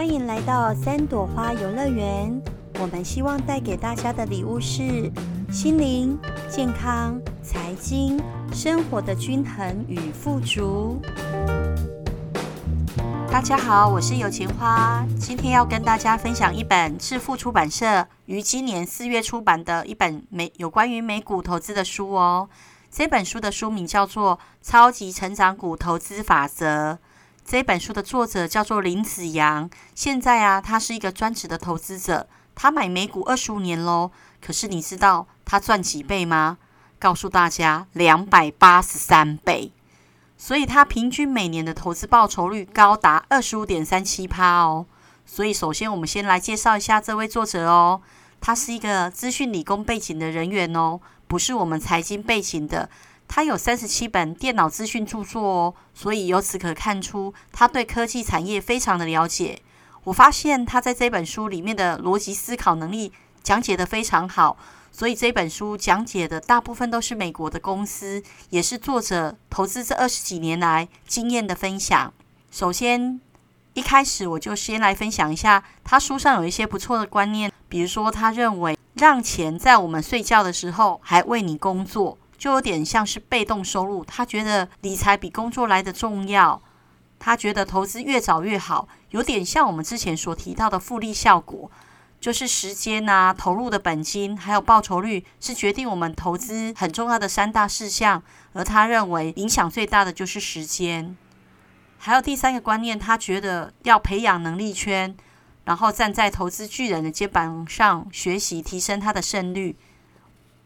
歡迎來到三朵花遊樂園。我們希望帶給大家的禮物是心靈、健康、財經、生活的均衡與富足。大家好，我是有錢花，今天要跟大家分享一本致富出版社於今年四月出版的一本美有關於美股投資的書哦。這本書的書名叫做《超級成長股投資法則》。這本書的作者叫做林子揚，現在啊，他是一個專職的投資者，他買美股二十五年嘍。可是你知道他賺幾倍嗎？告訴大家，兩百八十三倍。所以他平均每年的投資報酬率高達二十五點三七趴哦。所以首先我們先來介紹一下這位作者哦，他是一個資訊理工背景的人員哦，不是我們財經背景的。他有三十七本電腦資訊著作哦，所以由此可看出他對科技產業非常的了解。我發現他在這本書裡面的邏輯思考能力講解得非常好，所以這本書講解的大部分都是美國的公司，也是作者投資這二十幾年來經驗的分享。首先，一開始我就先來分享一下他書上有一些不錯的觀念，比如說他認為讓錢在我們睡覺的時候還為你工作。就有點像是被動收入。他覺得理財比工作來得重要。他覺得投資越早越好，有點像我們之前所提到的複利效果，就是時間啊、投入的本金還有報酬率，是決定我們投資很重要的三大事項。而他認為影響最大的就是時間。還有第三個觀念，他覺得要培養能力圈，然後站在投資巨人的肩膀上學習，提升他的勝率。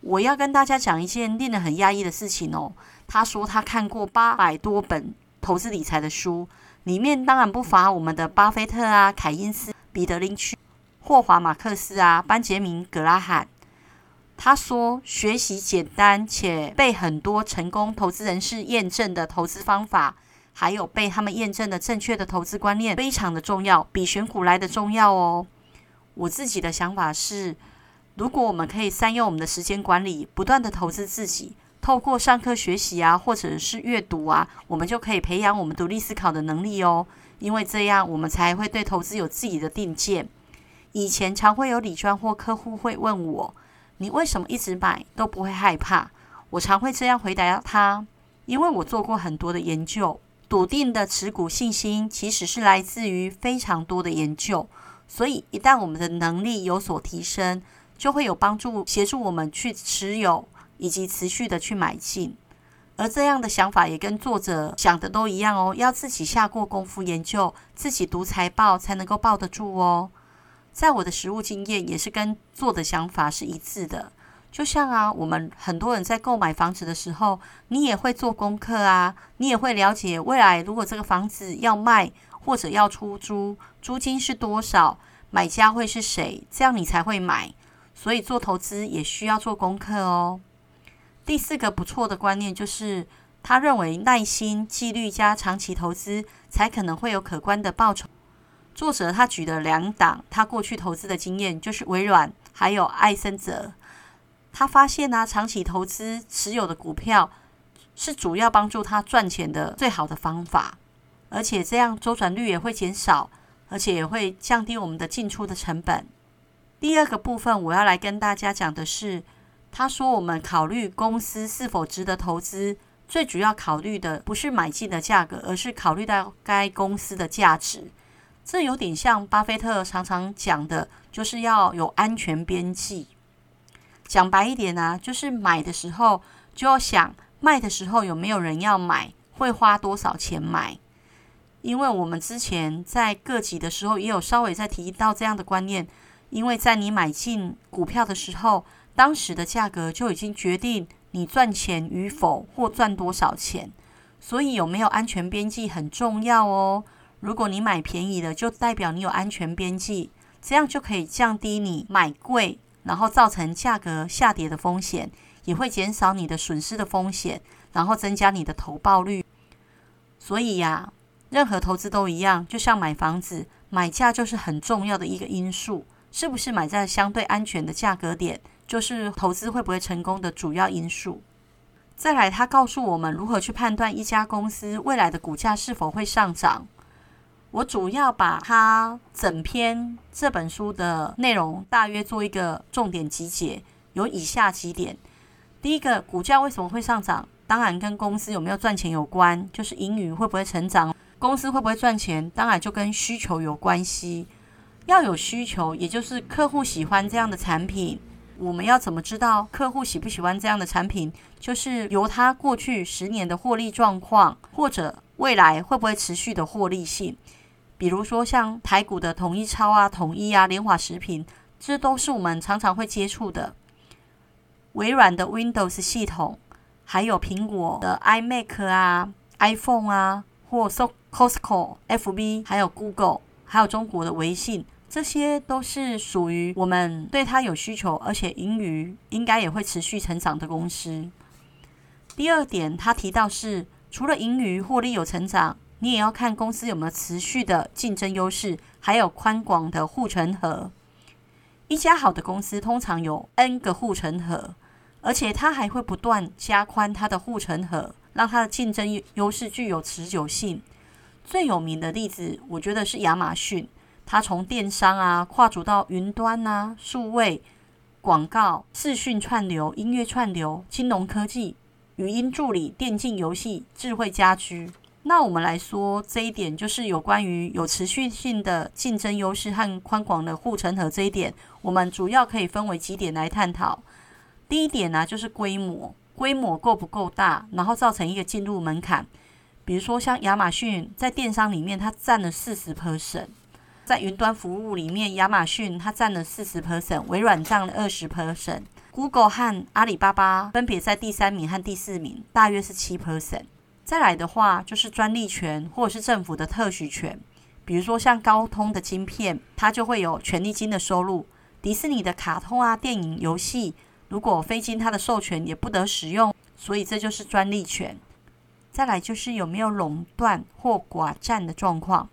我要跟大家講一件令人很壓抑的事情哦。他說他看過八百多本投資理財的書，裡面當然不乏我們的巴菲特啊、凱因斯、彼得林區、霍華馬克思啊、班傑明、格拉罕。他說學習簡單且被很多成功投資人士驗證的投資方法，還有被他們驗證的正確的投資觀念，非常的重要，比選股來的重要哦。我自己的想法是。如果我們可以善用我們的時間管理，不斷地投資自己，透過上課學習啊，或者是閱讀啊，我們就可以培養我們獨立思考的能力哦。因為這樣，我們才會對投資有自己的定見。以前常會有理專或客戶會問我：“你為什麼一直買都不會害怕？”我常會這樣回答他：“因為我做過很多的研究，篤定的持股信心其實是來自於非常多的研究。所以，一旦我們的能力有所提升，就會有幫助，協助我們去持有以及持續的去買進。而這樣的想法也跟作者想的都一樣哦。要自己下過功夫研究，自己讀財報才能夠抱得住哦。在我的實務經驗也是跟作者的想法是一致的。就像啊，我們很多人在購買房子的時候，你也會做功課啊，你也會了解未來如果這個房子要賣或者要出租，租金是多少，買家會是誰，這樣你才會買。所以做投資也需要做功課哦。第四個不錯的觀念就是，他認為耐心、紀律加長期投資才可能會有可觀的報酬。作者他舉了兩檔，他過去投資的經驗就是微軟還有埃森哲。他發現呢、啊，長期投資持有的股票是主要幫助他賺錢的最好的方法，而且這樣週轉率也會減少，而且也會降低我們的進出的成本。第二個部分，我要來跟大家講的是，他說我們考慮公司是否值得投資，最主要考慮的不是買進的價格，而是考慮到該公司的價值。這有點像巴菲特常常講的，就是要有安全邊際。講白一點呢，就是買的時候就要想賣的時候有沒有人要買，會花多少錢買。因為我們之前在各級的時候也有稍微在提到這樣的觀念。因為在你買進股票的時候，當時的價格就已經決定你賺錢與否或賺多少錢，所以有沒有安全邊際很重要哦。如果你買便宜的，就代表你有安全邊際，這樣就可以降低你買貴然後造成價格下跌的風險，也會減少你的損失的風險，然後增加你的投報率。所以呀，任何投資都一樣，就像買房子，買價就是很重要的一個因素。是不是買在相對安全的價格點，就是投資會不會成功的主要因素？再來，他告訴我們如何去判斷一家公司未來的股價是否會上漲。我主要把它整篇這本書的內容大約做一個重點集結，有以下幾點：第一個，股價為什麼會上漲？當然跟公司有沒有賺錢有關，就是盈餘會不會成長，公司會不會賺錢，當然就跟需求有關係。要有需求，也就是客戶喜歡這樣的產品，我們要怎麼知道客戶喜不喜歡這樣的產品？就是由他過去十年的獲利狀況，或者未來會不會持續的獲利性。比如說像台股的統一超啊、統一啊、聯華食品，這都是我們常常會接觸的。微軟的 Windows 系統，還有蘋果的 iMac 啊、iPhone 啊，或 So Costco、FB，還有 Google，還有中國的微信。這些都是屬於我們對它有需求，而且盈餘應該也會持續成長的公司。第二點，他提到是除了盈餘、獲利有成長，你也要看公司有沒有持續的競爭優勢，還有寬廣的護城河。一家好的公司通常有 N 個護城河，而且它還會不斷加寬它的護城河，讓它的競爭優勢具有持久性。最有名的例子，我覺得是亞馬遜。它從電商啊，跨足到雲端吶、啊、數位廣告、視訊串流、音樂串流、金融科技、語音助理、電競遊戲、智慧家居。那我們來說這一點，就是有關於有持續性的競爭優勢和寬廣的護城河這一點，我們主要可以分為幾點來探討。第一點呢、啊，就是規模，規模夠不夠大，然後造成一個進入門檻。比如說像亞馬遜在電商裡面，它佔了四十 percent。在雲端服務裡面，亞馬遜它占了四十 percent，微軟占了二十 percent，Google 和阿里巴巴分別在第三名和第四名，大約是七 percent。再來的話，就是專利權或者是政府的特許權，比如說像高通的芯片，它就會有權利金的收入；迪士尼的卡通啊、電影、遊戲，如果非經它的授權也不得使用，所以這就是專利權。再來就是有沒有壟斷或寡占的狀況。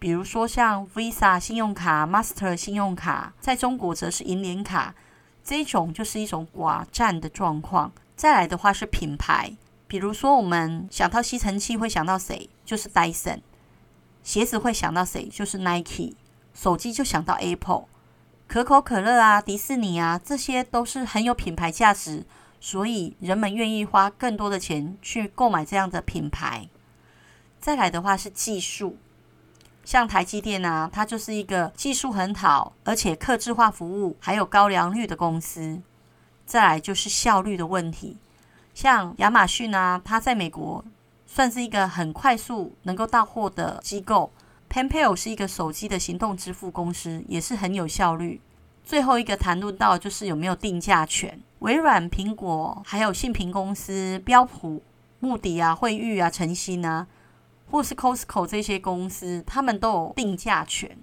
比如說像 Visa 信用卡、Master 信用卡，在中國則是銀聯卡，這一種就是一種寡占的狀況。再來的話是品牌，比如說我們想到吸塵器會想到誰，就是 Dyson；鞋子會想到誰，就是 Nike；手機就想到 Apple。可口可樂啊、迪士尼啊，這些都是很有品牌價值，所以人們願意花更多的錢去購買這樣的品牌。再來的話是技術。像台積電啊，它就是一個技術很好，而且客製化服務還有高良率的公司。再來就是效率的問題，像亞馬遜啊，它在美國算是一個很快速能夠到貨的機構。PayPal 是一個手機的行動支付公司，也是很有效率。最後一個談論到就是有沒有定價權，微軟、蘋果還有信評公司、標普、穆迪啊、惠譽啊、晨曦啊。或是 Costco 這些公司，他們都有定價權。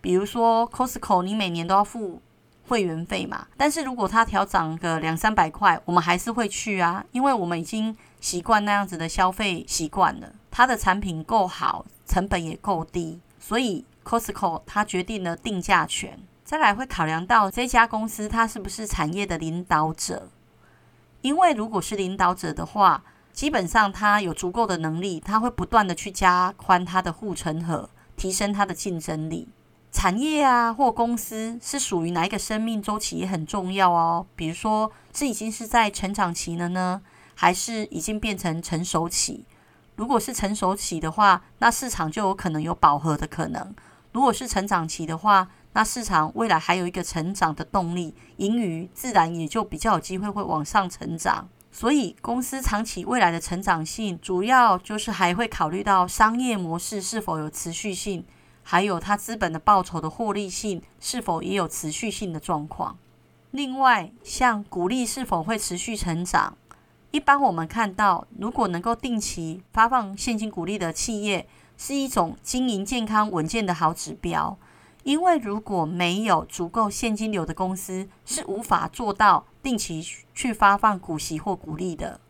比如說 Costco，你每年都要付會員費嘛。但是如果它調漲個兩三百塊，我們還是會去啊，因為我們已經習慣那樣子的消費習慣了。它的產品夠好，成本也夠低，所以 Costco 它決定了定價權。再來會考量到這家公司它是不是產業的領導者，因為如果是領導者的話。基本上，它有足夠的能力，它會不斷的去加寬它的護城河，提升它的競爭力。產業啊，或公司是屬於哪一個生命周期也很重要哦。比如說，這已經是在成長期了呢，還是已經變成成熟期？如果是成熟期的話，那市場就有可能有飽和的可能；如果是成長期的話，那市場未來還有一個成長的動力，盈餘自然也就比較有機會會往上成長。所以，公司長期未來的成長性，主要就是還會考慮到商業模式是否有持續性，還有它資本的報酬的獲利性是否也有持續性的狀況。另外，像股利是否會持續成長，一般我們看到，如果能夠定期發放現金股利的企業，是一種經營健康穩健的好指標。因為如果沒有足夠現金流的公司，是無法做到定期去發放股息或股利的。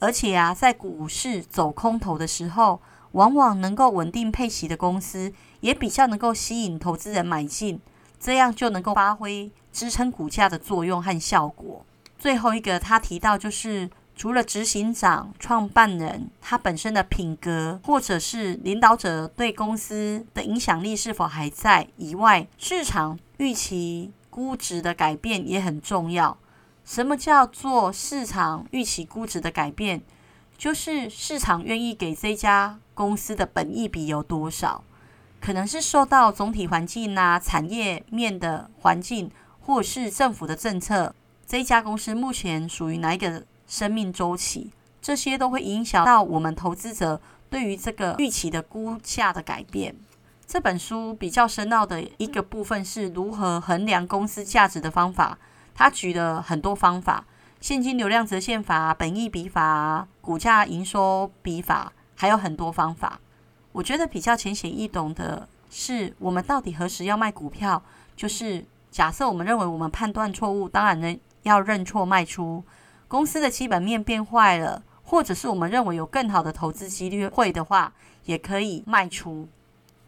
而且啊，在股市走空頭的時候，往往能夠穩定配息的公司，也比較能夠吸引投資人買進，這樣就能夠發揮支撐股價的作用和效果。最後一個，他提到就是。除了執行長、創辦人他本身的品格，或者是領導者對公司的影響力是否還在以外，市場預期估值的改變也很重要。什麼叫做市場預期估值的改變？就是市場願意給這家公司的本益比有多少？可能是受到總體環境啊、產業面的環境，或是政府的政策，這家公司目前屬於哪一個生命周期，這些都會影響到我們投資者對於這個預期的估價的改變。這本書比較深奧的一個部分是如何衡量公司價值的方法。它舉了很多方法，現金流量折現法、本益比法、股價營收比法，還有很多方法。我覺得比較淺顯易懂的是，我們到底何時要賣股票？就是假設我們認為我們判斷錯誤，當然呢要認錯賣出。公司的基本面變壞了，或者是我們認為有更好的投資機會的話，也可以賣出；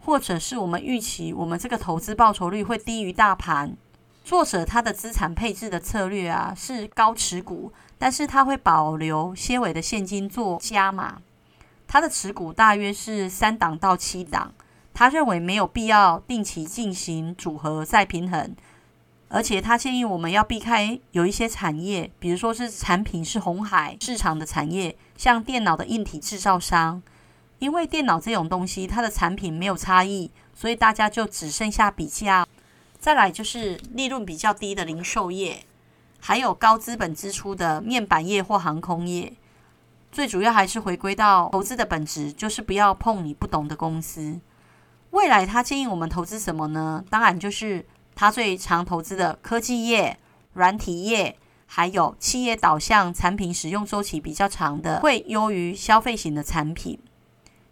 或者是我們預期我們這個投資報酬率會低於大盤。作者他的資產配置的策略啊是高持股，但是他會保留些微的現金做加碼。他的持股大約是三檔到七檔，他認為沒有必要定期進行組合再平衡。而且他建議我們要避開有一些產業，比如說是產品是紅海市場的產業，像電腦的硬體製造商，因為電腦這種東西它的產品沒有差異，所以大家就只剩下比價。再來就是利潤比較低的零售業，還有高資本支出的面板業或航空業。最主要還是回歸到投資的本質，就是不要碰你不懂的公司。未來他建議我們投資什麼呢？當然就是。他最常投資的科技業、軟體業，還有企業導向產品，使用週期比較長的，會優於消費型的產品，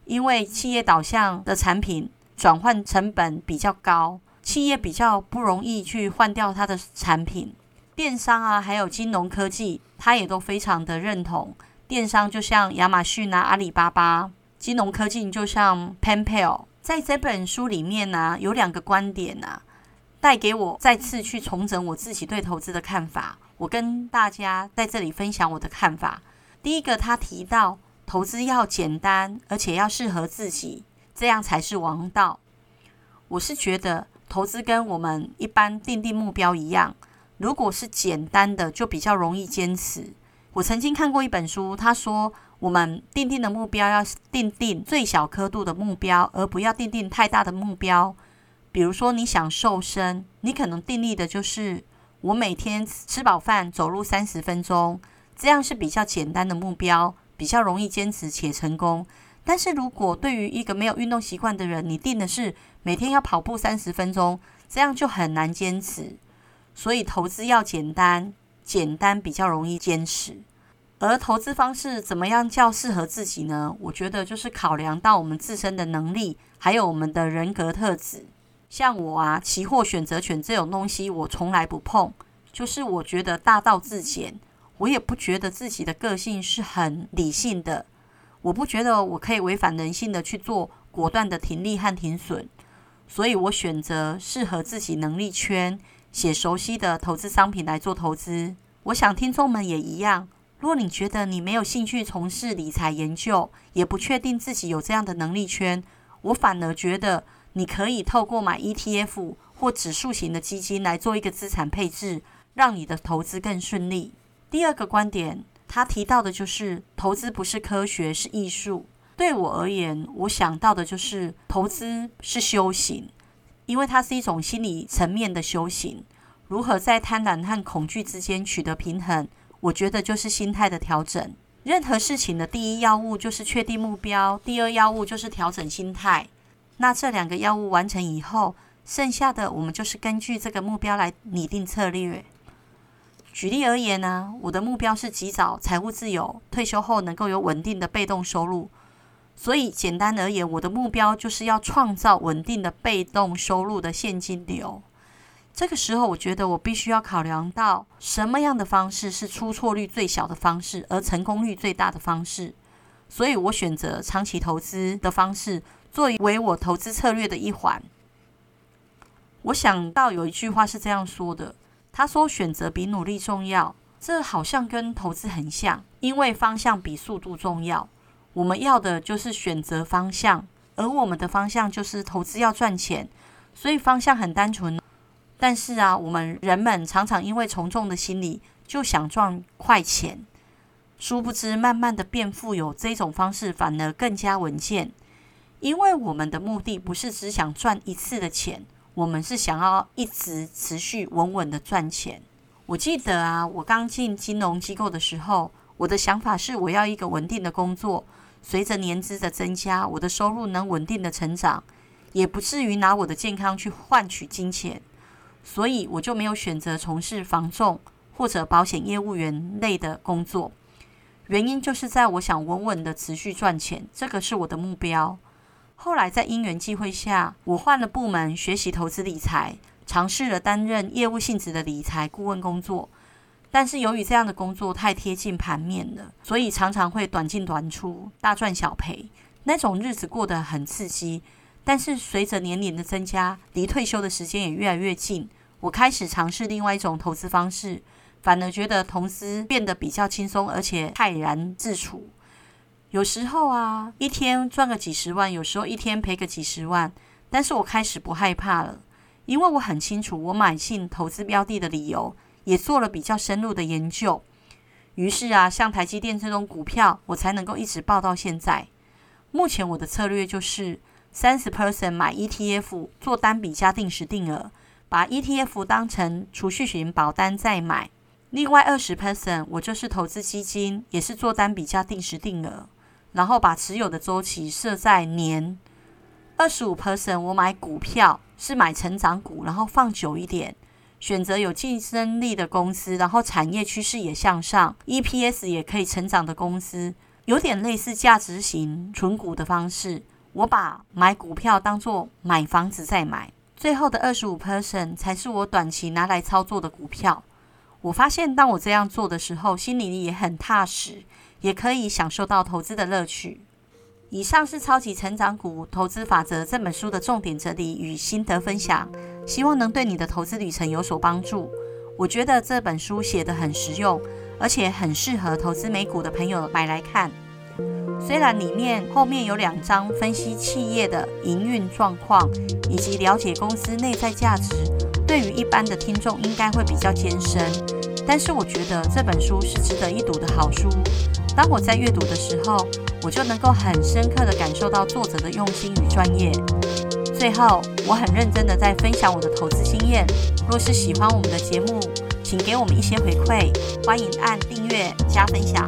因為企業導向的產品轉換成本比較高，企業比較不容易去換掉它的產品。電商啊，還有金融科技，他也都非常的認同。電商就像亞馬遜啊、阿里巴巴，金融科技就像 PayPal。在這本書裡面呢、啊，有兩個觀點啊。帶給我再次去重整我自己對投資的看法。我跟大家在這裡分享我的看法。第一個，他提到投資要簡單，而且要適合自己，這樣才是王道。我是覺得投資跟我們一般訂定目標一樣，如果是簡單的，就比較容易堅持。我曾經看過一本書，他說我們訂定的目標要訂定最小刻度的目標，而不要訂定太大的目標。比如說，你想瘦身，你可能定義的就是我每天吃飽飯走路三十分鐘，這樣是比較簡單的目標，比較容易堅持且成功。但是如果對於一個沒有運動習慣的人，你定的是每天要跑步三十分鐘，這樣就很難堅持。所以投資要簡單，簡單比較容易堅持。而投資方式怎麼樣叫適合自己呢？我覺得就是考量到我們自身的能力，還有我們的人格特質。像我啊，期貨選擇權這種東西，我從來不碰。就是我覺得大道至簡，我也不覺得自己的個性是很理性的。我不覺得我可以違反人性的去做果斷的停利和停損，所以我選擇適合自己能力圈、且熟悉的投資商品來做投資。我想聽眾們也一樣。若你覺得你沒有興趣從事理財研究，也不確定自己有這樣的能力圈，我反而覺得。你可以透過買 ETF 或指數型的基金來做一個資產配置，讓你的投資更順利。第二個觀點，他提到的就是投資不是科學，是藝術。對我而言，我想到的就是投資是修行，因為它是一種心理層面的修行。如何在貪婪和恐懼之間取得平衡，我覺得就是心態的調整。任何事情的第一要務就是確定目標，第二要務就是調整心態。那這兩個要務完成以後，剩下的我們就是根據這個目標來擬定策略。舉例而言呢，我的目標是及早財務自由，退休後能夠有穩定的被動收入。所以簡單而言，我的目標就是要創造穩定的被動收入的現金流。這個時候，我覺得我必須要考量到什麼樣的方式是出錯率最小的方式，而成功率最大的方式。所以我選擇長期投資的方式。作為我投資策略的一環，我想到有一句話是這樣說的：“他說選擇比努力重要。”這好像跟投資很像，因為方向比速度重要。我們要的就是選擇方向，而我們的方向就是投資要賺錢。所以方向很單純，但是啊，我們人們常常因為從眾的心理，就想賺快錢，殊不知慢慢的變富有，這種方式反而更加穩健。因為我們的目的不是只想賺一次的錢，我們是想要一直持續穩穩的賺錢。我記得啊，我剛進金融機構的時候，我的想法是我要一個穩定的工作，隨着年資的增加，我的收入能穩定的成長，也不至於拿我的健康去換取金錢，所以我就沒有選擇從事房仲或者保險業務員類的工作。原因就是在我想穩穩的持續賺錢，這個是我的目標。後來在因緣際會下，我換了部門，學習投資理財，嘗試了擔任業務性質的理財顧問工作。但是由於這樣的工作太貼近盤面了，所以常常會短進短出，大賺小賠，那種日子過得很刺激。但是隨着年齡的增加，離退休的時間也越來越近，我開始嘗試另外一種投資方式，反而覺得投資變得比較輕鬆，而且泰然自處。有時候啊，一天賺個幾十萬，有時候一天賠個幾十萬。但是我開始不害怕了，因為我很清楚我買進投資標的的理由，也做了比較深入的研究。於是啊，像台積電這種股票，我才能夠一直抱到現在。目前我的策略就是三十 percent 買 ETF，做單筆加定時定額，把 ETF 當成儲蓄型保單再買。另外二十 percent 我就是投資基金，也是做單筆加定時定額。然後把持有的週期設在年25，二十五 percent 我買股票是買成長股，然後放久一點，選擇有競爭力的公司，然後產業趨勢也向上，EPS 也可以成長的公司，有點類似價值型存股的方式。我把買股票當做買房子再買，最後的二十五 percent 才是我短期拿來操作的股票。我發現當我這樣做的時候，心裡也很踏實。也可以享受到投資的樂趣。以上是《超級成長股投資法則》這本書的重點哲理與心得分享，希望能對你的投資旅程有所幫助。我覺得這本書寫得很實用，而且很適合投資美股的朋友買來看。雖然裡面後面有兩章分析企業的營運狀況以及了解公司內在價值，對於一般的聽眾應該會比較艱深。但是我覺得這本書是值得一讀的好書。當我在閱讀的時候，我就能夠很深刻的感受到作者的用心與專業。最後，我很認真的在分享我的投資經驗。若是喜歡我們的節目，請給我們一些回饋，歡迎按訂閱、加分享，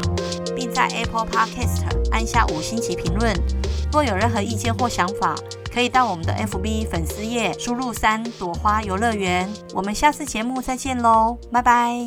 並在 Apple Podcast 按下五星級評論。若有任何意見或想法，可以到我們的 FB 粉絲頁輸入三朵花遊樂園。我們下次節目再見嘍，拜拜。